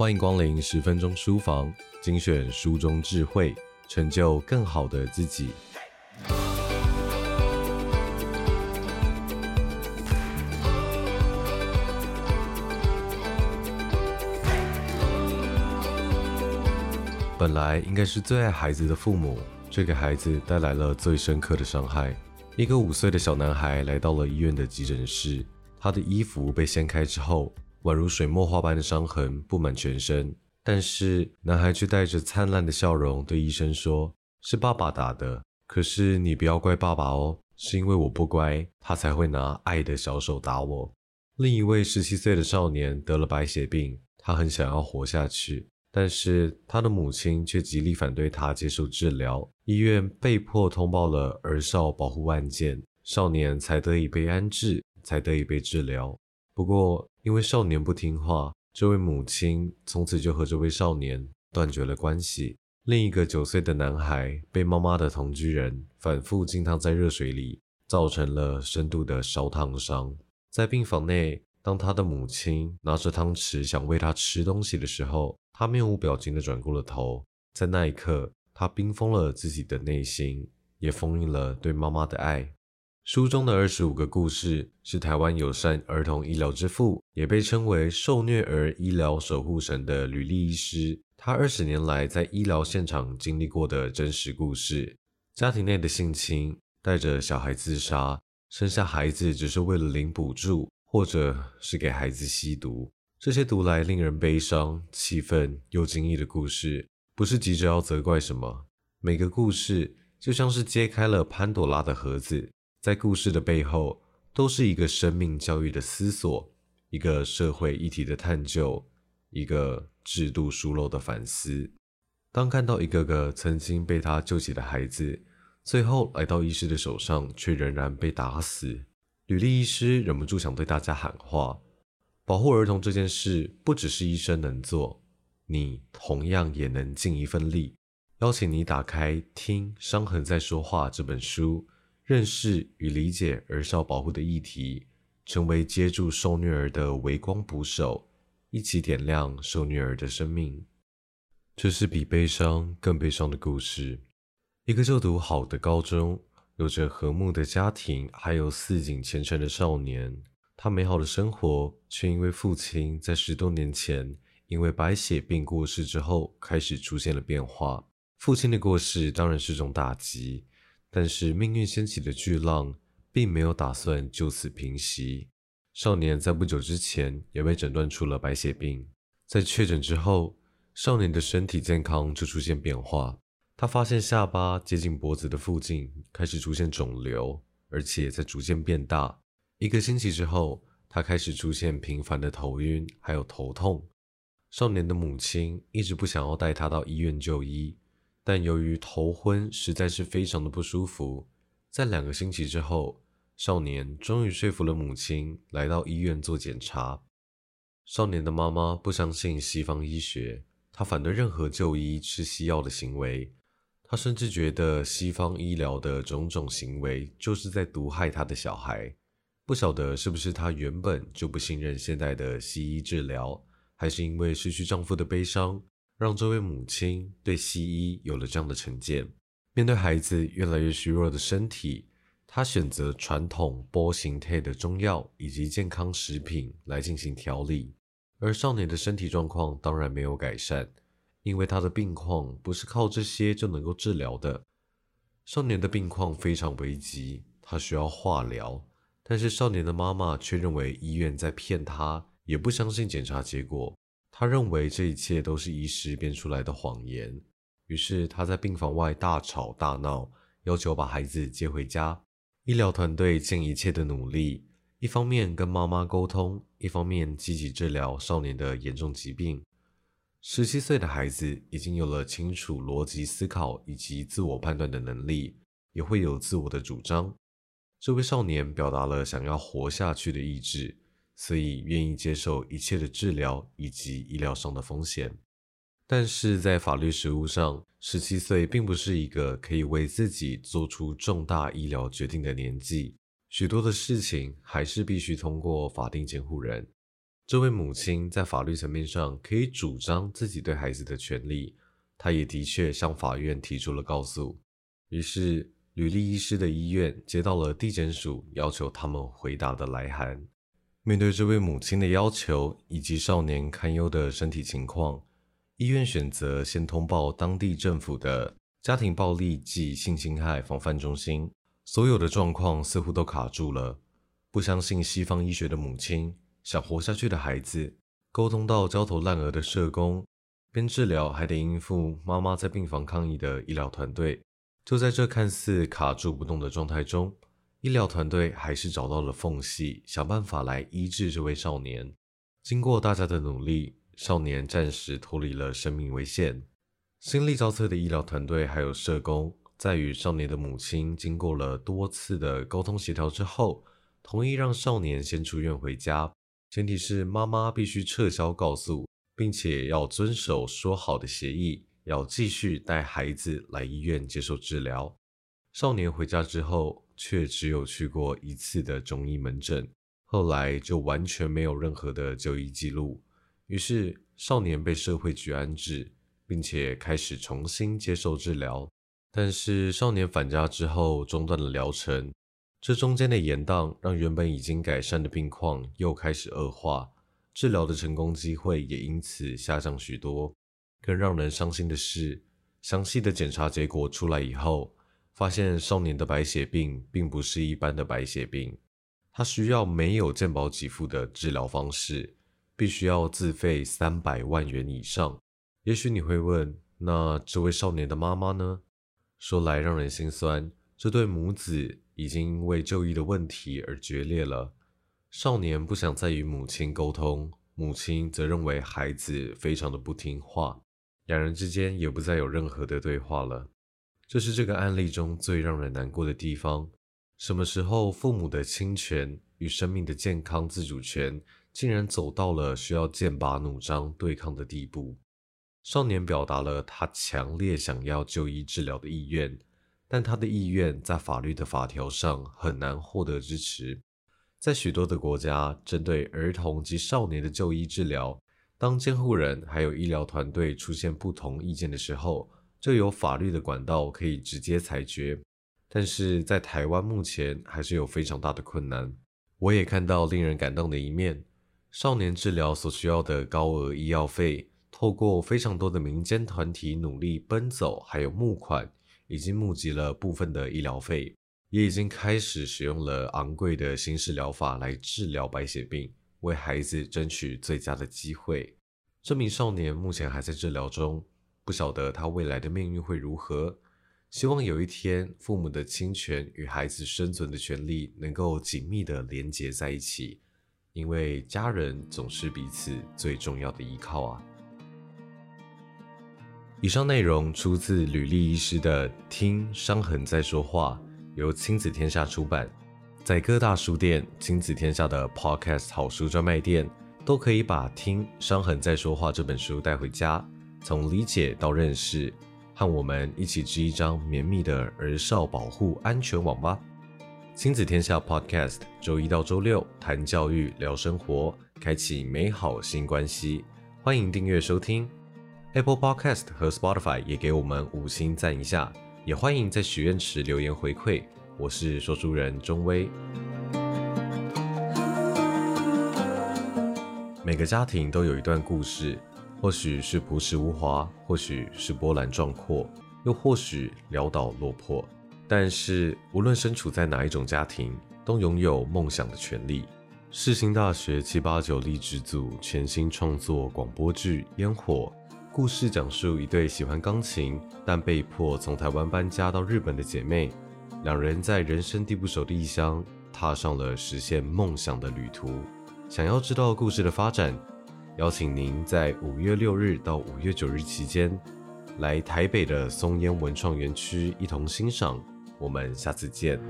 歡迎光臨十分鐘書房，精選書中智慧，成就更好的自己。本來應該是最愛孩子的父母，卻給孩子帶來了最深刻的傷害。一個五歲的小男孩來到了醫院的急診室，他的衣服被掀開之後，宛如水墨畫般的傷痕佈滿全身，但是男孩卻帶着燦爛的笑容對醫生說：“是爸爸打的，可是你不要怪爸爸哦，是因為我不乖，他才會拿愛的小手打我。”另一位十七歲的少年得了白血病，他很想要活下去，但是他的母親卻極力反對他接受治療。醫院被迫通報了兒少保護案件，少年才得以被安置，才得以被治療。不過，因為少年不聽話，這位母親從此就和這位少年斷絕了關係。另一個九歲的男孩被媽媽的同居人反覆浸燙在熱水裡，造成了深度的燒燙傷。在病房內，當他的母親拿着湯匙想餵他吃東西的時候，他面無表情地轉過了頭。在那一刻，他冰封了自己的內心，也封印了對媽媽的愛。書中的二十五個故事，是台灣友善兒童醫療之父，也被稱為“受虐兒醫療守護神”的呂立醫師，他二十年來在醫療現場經歷過的真實故事：家庭內的性侵、帶着小孩自殺、生下孩子只是為了領補助，或者是給孩子吸毒，這些讀來令人悲傷、氣憤又驚異的故事，不是急着要責怪什麼。每個故事就像是揭開了潘朵拉的盒子。在故事的背後，都是一個生命教育的思索，一個社會議題的探究，一個制度疏漏的反思。當看到一個個曾經被他救起的孩子，最後來到醫師的手上，卻仍然被打死，呂立醫師忍不住想對大家喊話：保護兒童這件事，不只是醫生能做，你同樣也能盡一份力。邀請你打開聽《聽傷痕在說話》這本書。認識與理解兒少保護的議題，成為接住受虐兒的微光捕手，一起點亮受虐兒的生命。這是比悲傷更悲傷的故事。一個就讀好的高中，有着和睦的家庭，還有似錦前程的少年，他美好的生活卻因為父親在十多年前因為白血病過世之後開始出現了變化。父親的過世當然是一種打擊。但是命運掀起的巨浪並沒有打算就此平息。少年在不久之前也被診斷出了白血病。在確診之後，少年的身體健康就出現變化。他發現下巴接近脖子的附近開始出現腫瘤，而且在逐漸變大。一個星期之後，他開始出現頻繁的頭暈，還有頭痛。少年的母親一直不想要帶他到醫院就醫。但由於頭昏實在是非常的不舒服。在兩個星期之後，少年終於說服了母親來到醫院做檢查。少年的媽媽不相信西方醫學，她反對任何就醫吃西藥的行為。她甚至覺得西方醫療的種種行為就是在毒害她的小孩。不曉得是不是她原本就不信任現代的西醫治療，還是因為失去丈夫的悲傷。讓這位母親對西醫有了這樣的成見。面對孩子越來越虛弱的身體，她選擇傳統波形態的中藥以及健康食品來進行調理。而少年的身體狀況當然沒有改善，因為他的病況不是靠這些就能夠治療的。少年的病況非常危急，他需要化療，但是少年的媽媽卻認為醫院在騙他，也不相信檢查結果。他認為這一切都是醫師編出來的謊言，於是他在病房外大吵大鬧，要求把孩子接回家。醫療團隊盡一切的努力，一方面跟媽媽溝通，一方面積極治療少年的嚴重疾病。十七歲的孩子已經有了清楚邏輯思考以及自我判斷的能力，也會有自我的主張。這位少年表達了想要活下去的意志。所以，願意接受一切的治療以及醫療上的風險，但是在法律實務上，十七歲並不是一個可以為自己做出重大醫療決定的年紀。許多的事情還是必須通過法定監護人。這位母親在法律層面上可以主張自己對孩子的權利，她也的確向法院提出了告訴。於是，呂立醫師的醫院接到了地檢署要求他們回答的來函。面對這位母親的要求以及少年堪憂的身體情況，醫院選擇先通報當地政府的家庭暴力及性侵害防範中心。所有的狀況似乎都卡住了，不相信西方醫學的母親，想活下去的孩子，溝通到焦頭爛額的社工，邊治療還得應付媽媽在病房抗議的醫療團隊，就在這看似卡住不動的狀態中。醫療團隊還是找到了縫隙，想辦法來醫治這位少年。經過大家的努力，少年暫時脫離了生命危險。心力交瘁的醫療團隊還有社工，在與少年的母親經過了多次的溝通協調之後，同意讓少年先出院回家，前提是媽媽必須撤銷告訴，並且要遵守說好的協議，要繼續帶孩子來醫院接受治療。少年回家之後，卻只有去過一次的中醫門診，後來就完全沒有任何的就醫記錄。於是，少年被社會局安置，並且開始重新接受治療。但是，少年返家之後中斷了療程，這中間的延宕讓原本已經改善的病況又開始惡化，治療的成功機會也因此下降許多。更讓人傷心的是，詳細的檢查結果出來以後，發現少年的白血病並不是一般的白血病，他需要沒有健保給付的治療方式，必須要自費三百萬元以上。也許你會問，那這位少年的媽媽呢？說來讓人心酸，這對母子已經因為就醫的問題而決裂了。少年不想再與母親溝通，母親則認為孩子非常的不聽話，兩人之間也不再有任何的對話了。這是這個案例中最讓人難過的地方。什麼時候，父母的親權與生命的健康自主權竟然走到了需要劍拔弩張對抗的地步？少年表達了他強烈想要就醫治療的意願，但他的意願在法律的法條上很難獲得支持。在許多的國家，針對兒童及少年的就醫治療，當監護人還有醫療團隊出現不同意見的時候，這有法律的管道可以直接裁決，但是在台灣目前還是有非常大的困難。我也看到令人感動的一面：少年治療所需要的高額醫藥費，透過非常多的民間團體努力奔走，還有募款，已經募集了部分的醫療費，也已經開始使用了昂貴的新式療法來治療白血病，為孩子爭取最佳的機會。這名少年目前還在治療中。不曉得他未來的命運會如何，希望有一天父母的親權與孩子生存的權利能夠緊密的連接在一起，因為家人總是彼此最重要的依靠啊。以上內容出自呂立醫師的《聽傷痕在說話》，由親子天下出版，在各大書店、親子天下的 Podcast 好書專賣店，都可以把《聽傷痕在說話》這本書帶回家。從理解到認識，和我們一起織一張綿密的兒少保護安全網吧。親子天下 Podcast，週一到週六談教育，聊生活，開啟美好新關係。歡迎訂閱收聽 Apple Podcast 和 Spotify，也給我們五星贊一下。也歡迎在許願池留言回饋。我是說書人鍾崴。每個家庭都有一段故事。或許是樸實無華，或許是波瀾壯闊，又或許潦倒落魄。但是，無論身處在哪一種家庭，都擁有夢想的權利。世新大學七八九勵志組全新創作廣播劇《煙火》，故事講述一對喜歡鋼琴但被迫從台灣搬家到日本的姐妹，兩人在人生地不熟的異鄉，踏上了實現夢想的旅途。想要知道故事的發展？邀請您在五月六日到五月九日期間，來台北的松煙文創園區一同欣賞。我們下次見。